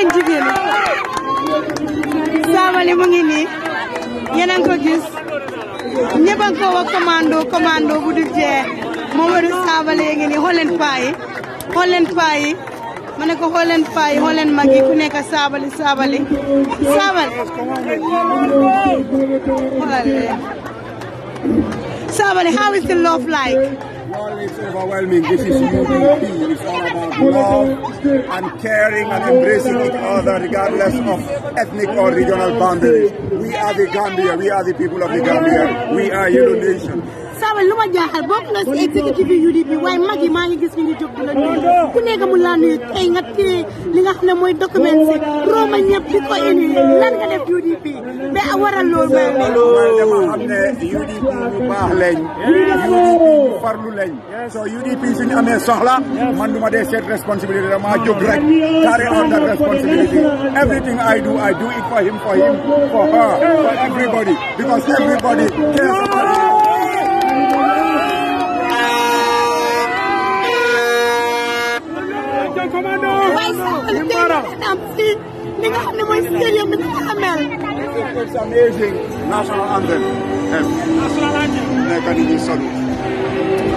seen jigéen Sabally mu ngi nii yéen a ngi ko gis ñëpp a ngi ko wax commando commando bu dul jeex Momodou ngi nii xool leen paa yi ma ne ko xool leen paa ku nekk Sabally Sabally Sabally how is the love like? love and caring and embracing each other regardless of ethnic or regional boundaries. We are the Gambia, we are the people of the Gambia, we are Yellow Nation. sawal luma jaxal jaaxal bokk nga si exécutif UDP way magi ma ngi gis ni jog jóg di la nuyu ku nekk mu la nuy tay nga téye li nga xamne moy document ci roma ñep ci ko indi lan nga def UDP be awara lool ma dama ne UDP ñu baax lañ UDP lañ so UDP suñu amé soxla man duma dé cette responsibilité dama jog rek carré on that responsibility everything I do I do it for him for him for her for everybody because everybody cares about him. It's amazing national anthem. National anthem.